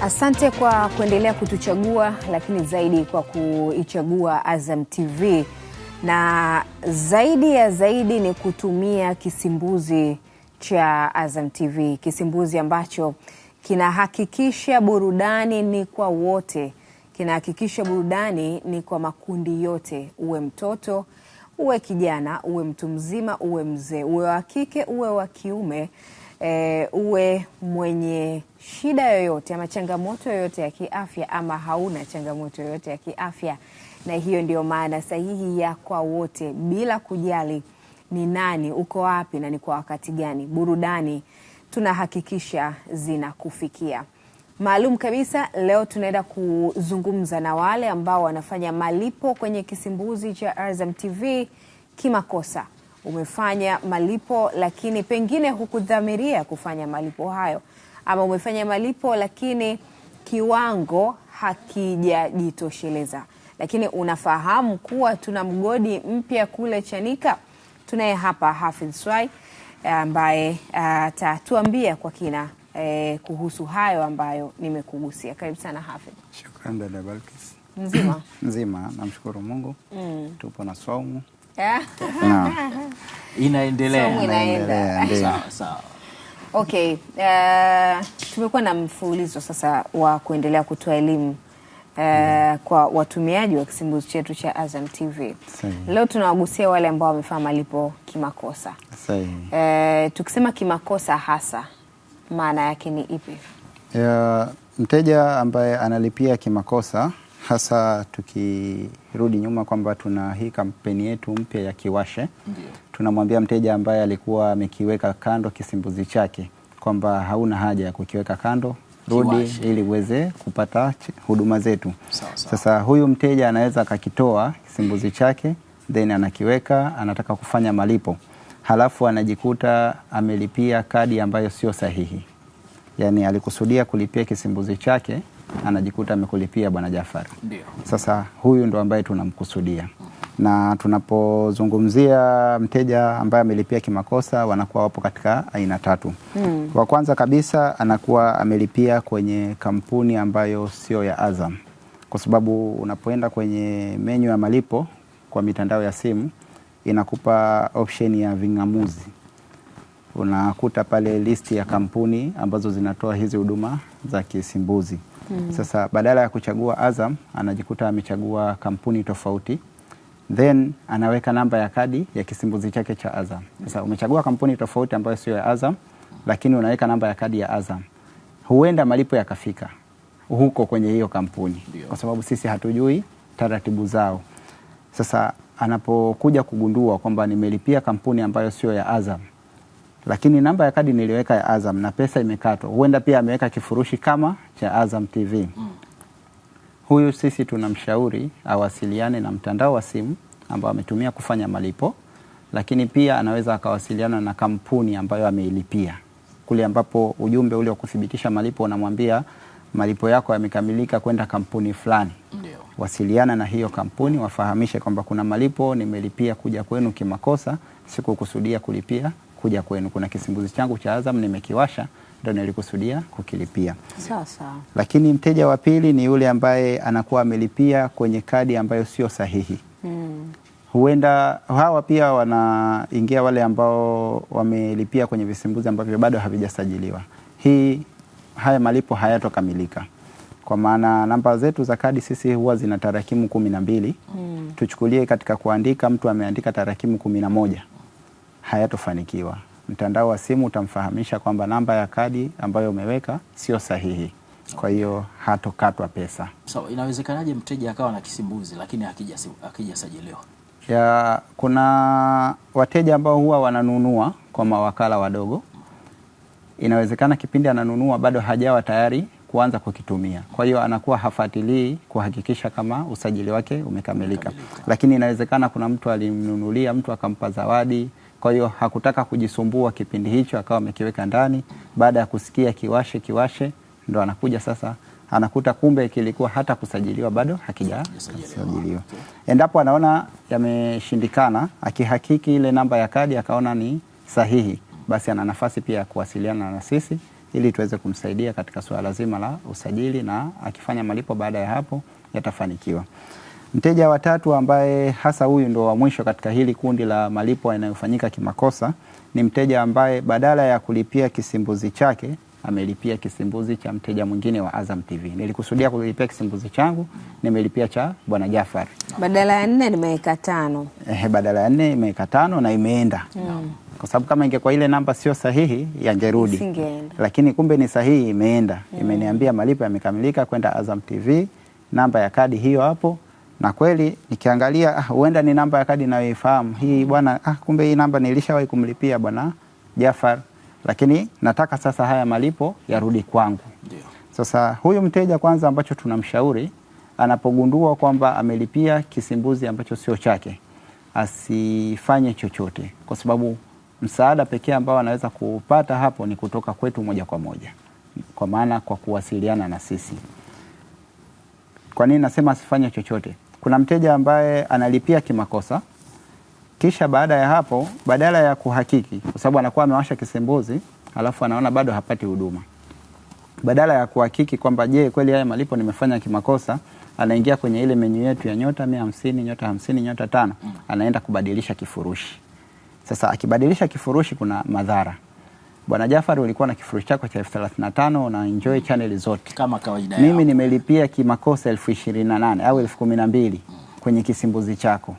Asante kwa kuendelea kutuchagua, lakini zaidi kwa kuichagua Azam TV na zaidi ya zaidi ni kutumia kisimbuzi cha Azam TV, kisimbuzi ambacho kinahakikisha burudani ni kwa wote, kinahakikisha burudani ni kwa makundi yote, uwe mtoto, uwe kijana, uwe mtu mzima, uwe mzee, uwe wa kike, uwe wa kiume, e, uwe mwenye shida yoyote ama changamoto yoyote ya kiafya ama hauna changamoto yoyote ya kiafya. Na hiyo ndio maana sahihi ya kwa wote, bila kujali ni nani, uko wapi na ni kwa wakati gani. Burudani tunahakikisha zinakufikia maalum kabisa. Leo tunaenda kuzungumza na wale ambao wanafanya malipo kwenye kisimbuzi cha Azam TV kimakosa. Umefanya malipo lakini pengine hukudhamiria kufanya malipo hayo, ama umefanya malipo lakini kiwango hakijajitosheleza. Lakini unafahamu kuwa tuna mgodi mpya kule Chanika. Tunaye hapa Hafidh Swai ambaye ah, atatuambia kwa kina eh, kuhusu hayo ambayo nimekugusia. Karibu sana Hafidh. Shukran dada Balkis. Mzima mzima, namshukuru Mungu mm. Tupo na saumu Inaendelea, inaendelea sawa sawa. Okay, uh, tumekuwa na mfululizo sasa wa kuendelea kutoa elimu Uh, mm. kwa watumiaji wa kisimbuzi chetu cha Azam TV. Sahi. Leo tunawagusia wale ambao wamefanya malipo kimakosa. Sahi. Uh, eh, tukisema kimakosa hasa maana yake ni ipi? Ya, mteja ambaye analipia kimakosa hasa tukirudi nyuma kwamba tuna hii kampeni yetu mpya ya Kiwashe, tunamwambia mteja ambaye alikuwa amekiweka kando kisimbuzi chake kwamba hauna haja ya kukiweka kando, rudi Kiwashe, ili uweze kupata huduma zetu. Sasa, sasa huyu mteja anaweza akakitoa kisimbuzi chake then anakiweka, anataka kufanya malipo halafu anajikuta amelipia kadi ambayo sio sahihi, yaani alikusudia kulipia kisimbuzi chake, anajikuta amekulipia Bwana Jafari. Sasa huyu ndo ambaye tunamkusudia na tunapozungumzia mteja ambaye amelipia kimakosa, wanakuwa wapo katika aina tatu. Hmm. Wa kwanza kabisa anakuwa amelipia kwenye kampuni ambayo sio ya Azam, kwa sababu unapoenda kwenye menyu ya malipo kwa mitandao ya simu inakupa option ya ving'amuzi. Unakuta pale listi ya kampuni ambazo zinatoa hizi huduma za kisimbuzi mm. Sasa badala ya kuchagua Azam anajikuta amechagua kampuni tofauti, then anaweka namba ya kadi ya kisimbuzi chake cha Azam. Sasa umechagua kampuni tofauti ambayo sio ya Azam, lakini unaweka namba ya kadi ya Azam, huenda malipo yakafika huko kwenye hiyo kampuni Kwa sababu sisi hatujui taratibu zao. Sasa anapokuja kugundua kwamba nimelipia kampuni ambayo sio ya Azam, lakini namba ya kadi niliweka ya Azam na pesa imekatwa, huenda pia ameweka kifurushi kama cha Azam TV Huyu sisi tunamshauri awasiliane na mtandao wa simu ambao ametumia kufanya malipo, lakini pia anaweza akawasiliana na kampuni ambayo ameilipia, kule ambapo ujumbe ule wa kuthibitisha malipo unamwambia malipo yako yamekamilika kwenda kampuni fulani wasiliana na hiyo kampuni wafahamishe kwamba kuna malipo nimelipia kuja kwenu kimakosa, sikukusudia kulipia kuja kwenu. Kuna kisimbuzi changu cha Azam nimekiwasha, ndo nilikusudia kukilipia. Sasa lakini mteja wa pili ni yule ambaye anakuwa amelipia kwenye kadi ambayo sio sahihi hmm. Huenda hawa pia wanaingia wale ambao wamelipia kwenye visimbuzi ambavyo bado havijasajiliwa. Hii haya malipo hayatokamilika. Kwa maana namba zetu za kadi sisi huwa zina tarakimu kumi na mbili mm. Tuchukulie katika kuandika, mtu ameandika tarakimu kumi na moja hayatofanikiwa. Mtandao wa simu utamfahamisha kwamba namba ya kadi ambayo umeweka sio sahihi, kwa hiyo hatokatwa pesa. So, inawezekanaje mteja akawa na kisimbuzi lakini hakijasajiliwa? Ya, kuna wateja ambao huwa wananunua kwa mawakala wadogo, inawezekana kipindi ananunua bado hajawa tayari kuanza kukitumia. Kwa hiyo anakuwa hafuatilii kuhakikisha kama usajili wake umekamilika, lakini inawezekana kuna mtu alimnunulia mtu akampa zawadi kwa hiyo hakutaka kujisumbua kipindi hicho, akawa amekiweka ndani. Baada ya kusikia kiwashe kiwashe, ndo anakuja sasa, anakuta kumbe kilikuwa hata kusajiliwa bado hakijasajiliwa. Endapo anaona yameshindikana, akihakiki ile namba ya kadi akaona ni sahihi, basi ana nafasi pia ya kuwasiliana na sisi ili tuweze kumsaidia katika suala zima la usajili na akifanya malipo baada ya hapo yatafanikiwa. Mteja wa tatu ambaye hasa huyu ndo wa mwisho katika hili kundi la malipo yanayofanyika kimakosa ni mteja ambaye badala ya kulipia kisimbuzi chake amelipia kisimbuzi cha mteja mwingine wa Azam TV. Nilikusudia kulipia kisimbuzi changu, nimelipia cha bwana Jafari. Badala ya nne nimeweka tano. Eh, badala ya nne imeweka tano na imeenda. Mm kwa sababu kama ingekuwa ile namba sio sahihi yangerudi, lakini kumbe ni sahihi, imeenda mm. imeniambia malipo yamekamilika kwenda Azam TV, namba ya kadi hiyo hapo na kweli nikiangalia, ah, huenda ni namba ya kadi nayoifahamu hii mm. bwana. Ah, kumbe hii namba nilishawahi kumlipia bwana Jafar, lakini nataka sasa haya malipo yarudi kwangu. Ndio. Sasa huyu mteja kwanza, ambacho tunamshauri anapogundua kwamba amelipia kisimbuzi ambacho sio chake, asifanye chochote kwa sababu msaada pekee ambao anaweza kupata hapo ni kutoka kwetu moja kwa moja, kwa maana kwa kuwasiliana na sisi. Kwa nini nasema asifanye chochote? Kuna mteja ambaye analipia kimakosa, kisha baada ya hapo, badala ya kuhakiki, kwa sababu anakuwa amewasha kisembuzi, alafu anaona bado hapati huduma, badala ya kuhakiki kwamba je, kweli haya malipo nimefanya kimakosa, anaingia kwenye ile menyu yetu ya nyota mia hamsini nyota hamsini nyota tano, anaenda kubadilisha kifurushi sasa akibadilisha kifurushi kuna madhara. Bwana Jafari, ulikuwa na kifurushi chako cha elfu thelathini na tano na enjoy channel zote kama kawaida. Mimi nimelipia kimakosa elfu ishirini na nane au elfu kumi na mbili kwenye kisimbuzi chako,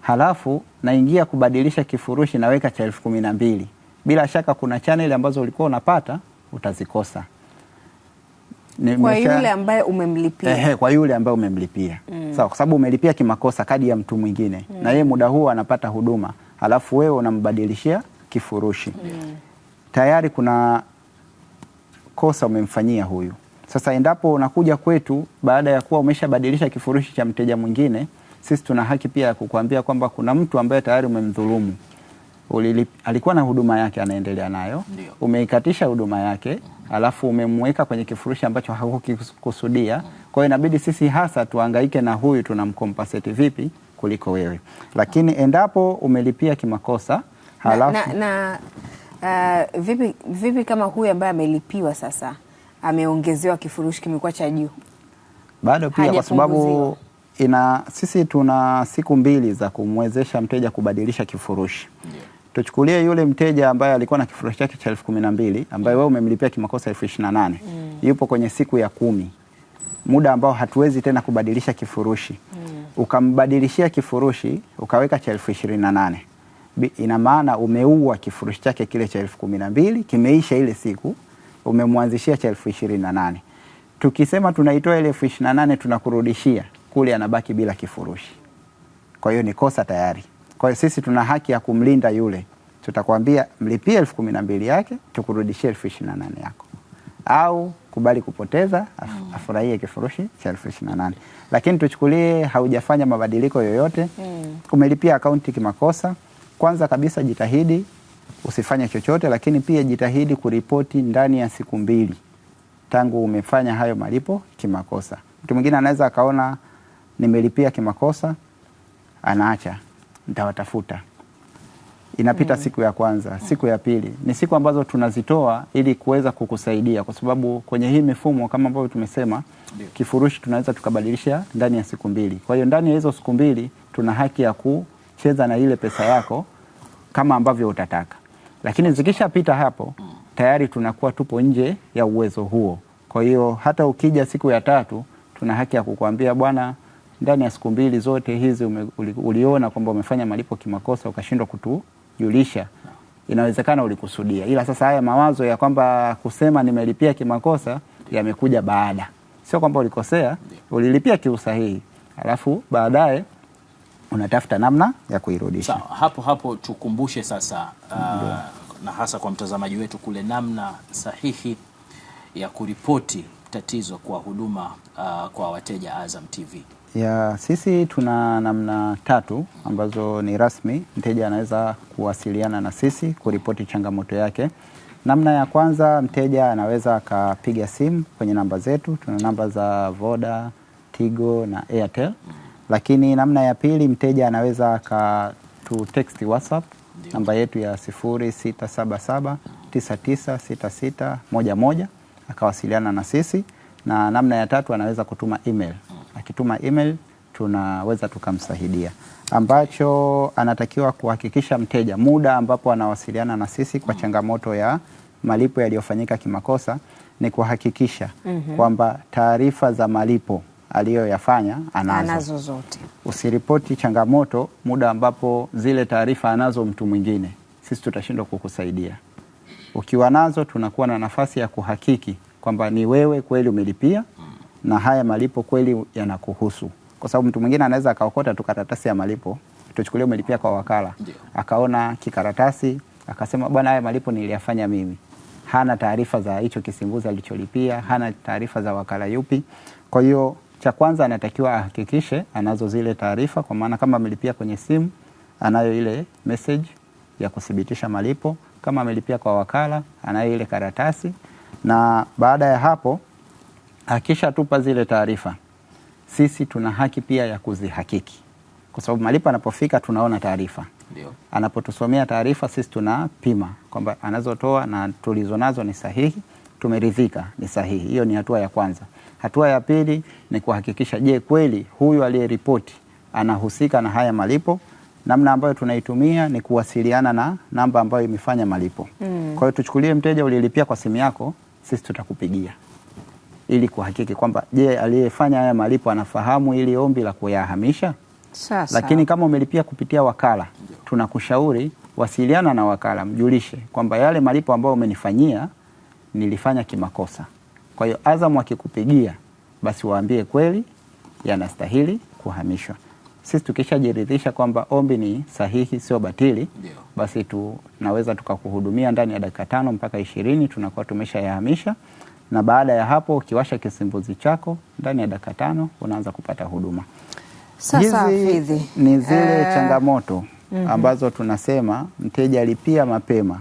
halafu naingia kubadilisha kifurushi, naweka cha elfu kumi na mbili bila shaka kuna chaneli ambazo ulikuwa unapata utazikosa kwa yule ambaye umemlipia, ehe, kwa yule ambaye umemlipia mm. Sawa, kwa sababu umelipia kimakosa kadi ya mtu mwingine mm. na yeye muda huo anapata huduma alafu wewe unambadilishia kifurushi mm. Tayari kuna kosa umemfanyia huyu. Sasa endapo unakuja kwetu baada ya kuwa umeshabadilisha kifurushi cha mteja mwingine, sisi tuna haki pia ya kukuambia kwamba kuna mtu ambaye tayari umemdhulumu ulilip, alikuwa na huduma yake anaendelea nayo Umeikatisha huduma yake mm. alafu umemweka kwenye kifurushi ambacho hakukusudia. Kwa hiyo inabidi sisi hasa tuangaike na huyu tunamkompaseti vipi kuliko wewe, lakini endapo umelipia kimakosa halafu na, na, na uh, vipi, vipi kama huyu ambaye amelipiwa sasa ameongezewa kifurushi kimekuwa cha juu bado pia, kwa sababu ina sisi tuna siku mbili za kumwezesha mteja kubadilisha kifurushi yeah tuchukulie yule mteja ambaye alikuwa na kifurushi chake cha elfu kumi na mbili ambaye wewe umemlipia kimakosa elfu ishirini na nane mm. yupo kwenye siku ya kumi, muda ambao hatuwezi tena kubadilisha kifurushi mm. ukambadilishia kifurushi ukaweka cha elfu ishirini na nane ina maana umeua kifurushi chake kile cha elfu kumi na mbili kimeisha ile siku, umemwanzishia cha elfu ishirini na nane Tukisema tunaitoa ile elfu ishirini na nane tunakurudishia kule, anabaki bila kifurushi. Kwa hiyo ni kosa tayari. Kwa hiyo sisi tuna haki ya kumlinda yule, tutakwambia mlipie elfu kumi na mbili yake tukurudishie elfu ishirini na nane yako, au kubali kupoteza af, mm. afurahie kifurushi cha elfu ishirini na nane. Lakini tuchukulie haujafanya mabadiliko yoyote mm. umelipia akaunti kimakosa, kwanza kabisa jitahidi usifanye chochote, lakini pia jitahidi kuripoti ndani ya siku mbili tangu umefanya hayo malipo kimakosa. Mtu mwingine anaweza akaona nimelipia kimakosa, anaacha nitawatafuta. Inapita mm. siku ya kwanza, siku ya pili ni siku ambazo tunazitoa ili kuweza kukusaidia, kwa sababu kwenye hii mifumo kama ambavyo tumesema Dio. kifurushi tunaweza tukabadilisha ndani ya siku mbili. Kwa hiyo ndani ya hizo siku mbili tuna haki ya kucheza na ile pesa yako kama ambavyo utataka, lakini zikishapita hapo tayari tunakuwa tupo nje ya uwezo huo. Kwa hiyo hata ukija siku ya tatu tuna haki ya kukuambia bwana ndani ya siku mbili zote hizi ume, uliona kwamba umefanya malipo kimakosa ukashindwa kutujulisha, inawezekana ulikusudia, ila sasa haya mawazo ya kwamba kusema nimelipia kimakosa yamekuja baada, sio kwamba ulikosea, ulilipia kiusahihi, alafu baadaye unatafuta namna ya kuirudisha. Sawa, hapo hapo tukumbushe sasa uh, na hasa kwa mtazamaji wetu kule, namna sahihi ya kuripoti tatizo kwa huduma uh, kwa wateja Azam TV. Ya, sisi tuna namna tatu ambazo ni rasmi mteja anaweza kuwasiliana na sisi kuripoti changamoto yake. Namna ya kwanza mteja anaweza akapiga simu kwenye namba zetu, tuna namba za Voda, Tigo na Airtel. Lakini namna ya pili mteja anaweza akatu text WhatsApp namba yetu ya 0677 akawasiliana na sisi, na namna ya tatu anaweza kutuma email akituma email tunaweza tukamsaidia. Ambacho anatakiwa kuhakikisha mteja muda ambapo anawasiliana na sisi kwa changamoto ya malipo yaliyofanyika kimakosa ni kuhakikisha mm -hmm. kwamba taarifa za malipo aliyoyafanya anazo, anazo zote. Usiripoti changamoto muda ambapo zile taarifa anazo mtu mwingine, sisi tutashindwa kukusaidia. Ukiwa nazo, tunakuwa na nafasi ya kuhakiki kwamba ni wewe kweli umelipia na haya malipo kweli yanakuhusu, kwa sababu mtu mwingine anaweza akaokota tu karatasi ya malipo, tuchukulie umelipia kwa wakala, akaona kikaratasi akasema bwana, haya malipo niliyafanya mimi. Hana taarifa za hicho kisimbuzi alicholipia, hana taarifa za wakala yupi. Kwa hiyo cha kwanza anatakiwa ahakikishe anazo zile taarifa, kwa maana kama amelipia kwenye simu anayo ile message ya kuthibitisha malipo, kama amelipia kwa wakala anayo ile karatasi, na baada ya hapo akishatupa zile taarifa, sisi tuna haki pia ya kuzihakiki, kwa sababu malipo anapofika tunaona taarifa, anapotusomea taarifa sisi tunapima kwamba anazotoa na tulizonazo ni sahihi, tumeridhika, ni sahihi. Hiyo ni hatua ya kwanza. Hatua ya pili ni kuhakikisha, je, kweli huyu aliyeripoti anahusika na haya malipo? Namna ambayo tunaitumia ni kuwasiliana na namba ambayo imefanya malipo mm. Kwa hiyo tuchukulie, mteja ulilipia kwa simu yako, sisi tutakupigia ili kuhakiki kwamba je, aliyefanya haya malipo anafahamu ili ombi la kuyahamisha. Sasa, lakini kama umelipia kupitia wakala, tunakushauri wasiliana na wakala, mjulishe kwamba yale malipo ambayo umenifanyia nilifanya kimakosa. Kwa hiyo Azam akikupigia basi waambie kweli yanastahili kuhamishwa. Sisi tukishajiridhisha kwamba ombi ni sahihi, sio batili, basi tunaweza tukakuhudumia ndani ya dakika tano mpaka ishirini tunakuwa tumeshayahamisha na baada ya hapo ukiwasha kisimbuzi chako ndani ya dakika tano unaanza kupata huduma. Sasa hizi ni zile uh, changamoto mm -hmm. ambazo tunasema mteja alipia mapema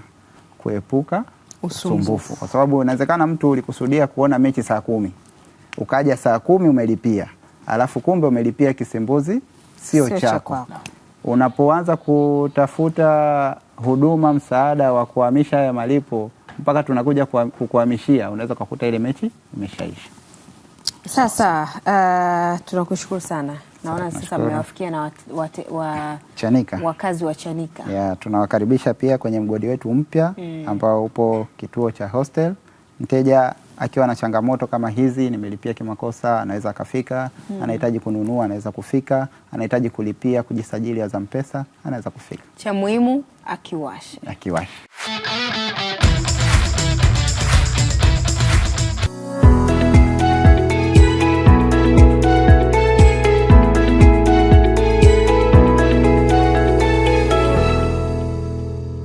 kuepuka usumbufu, Kwa sababu inawezekana mtu ulikusudia kuona mechi saa kumi ukaja saa kumi umelipia, alafu kumbe umelipia kisimbuzi sio chako, chako. Unapoanza kutafuta huduma msaada wa kuhamisha haya malipo mpaka tunakuja kukuhamishia, unaweza ukakuta ile mechi imeshaisha. Sasa uh, tunakushukuru sana. Naona sasa mmewafikia na wakazi wa Chanika yeah, tunawakaribisha pia kwenye mgodi wetu mpya mm, ambao upo kituo cha hostel. Mteja akiwa na changamoto kama hizi, nimelipia kimakosa, anaweza akafika mm, anahitaji kununua, anaweza kufika, anahitaji kulipia, kujisajili mpesa anaweza kufika. Cha muhimu akiwasha, akiwasha.